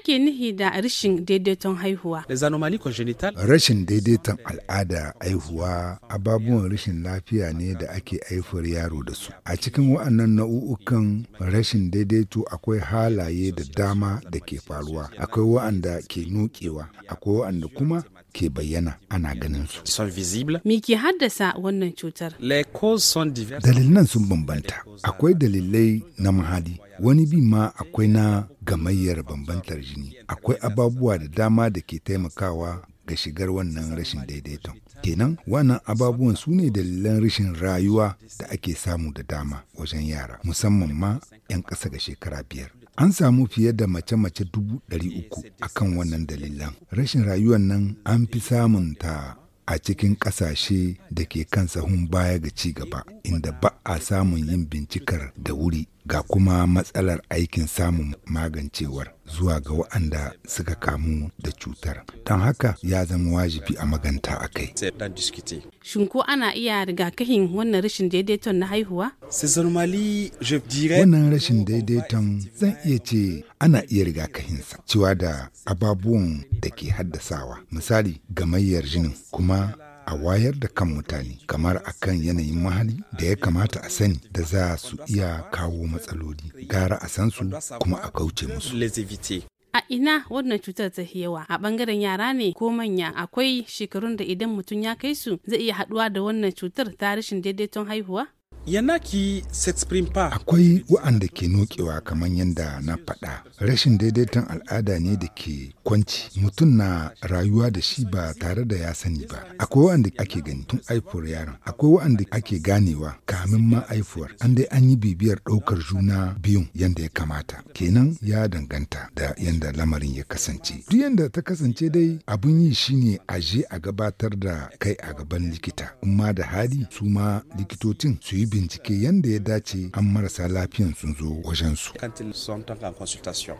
ake nihi da rashin daidaiton haihuwa? Rashin daidaiton al'ada haihuwa ababuwan rashin lafiya ne da ake haifar yaro da su. A cikin waɗannan nau'ukan rashin daidaito akwai halaye da dama da ke faruwa. Akwai waɗanda ke nukewa, akwai waɗanda kuma ke bayyana ana ganin su. Me ke haddasa wannan cutar? Dalilan sun bambanta. Akwai dalilai na mahali, wani bi ma akwai na gamayyar bambantar jini. Akwai ababuwa da dama da ke taimakawa ga shigar wannan rashin daidaiton. Kenan wannan ababuwan su ne dalilan rashin rayuwa da ake samu da dama wajen yara, musamman ma 'yan ƙasa ga shekara biyar. An samu fiye da mace-mace dubu ɗari uku a kan wannan dalilan. Rashin rayuwar nan an fi samun ta a cikin ƙasashe da ke kan sahun baya ga ci gaba, inda ba a samun yin bincikar da wuri. ga kuma matsalar aikin samun magancewar zuwa ga waɗanda suka kamu da cutar don haka ya zama wajibi a maganta a kai shin ko ana iya rigakafin wannan rashin daidaiton na haihuwa wannan rashin daidaiton zan iya ce ana iya rigakafinsa cewa da ababuwan da ke haddasawa misali ga gamayyar jinin kuma a wayar da kan mutane kamar a kan yanayin mahali da ya kamata a sani da za su iya kawo matsaloli gara a san su kuma a kauce musu a ina wannan cutar ta yawa a bangaren yara ne ko manya akwai shekarun da idan mutum ya kai su zai iya haduwa da wannan cutar ta rashin daidaiton haihuwa Yanaki pa. Akwai wa'anda ke nokewa kamar yadda na faɗa. Rashin daidaiton al'ada ne da ke kwanci. Mutum na rayuwa da shi ba tare da ya sani ba. Akwai wa'anda ake gani tun aifuwar yaron. Akwai wa'anda ake ganewa kamin ma aifuwar. An dai an yi bibiyar ɗaukar juna biyun yadda ya kamata. Kenan ya danganta da yadda lamarin ya kasance. Duk yadda ta kasance dai abun yi shine a je a gabatar da kai a gaban likita. Kuma da hali su ma likitocin su yi bincike yadda ya dace an marasa lafiyan sun zo wajensu. consultation.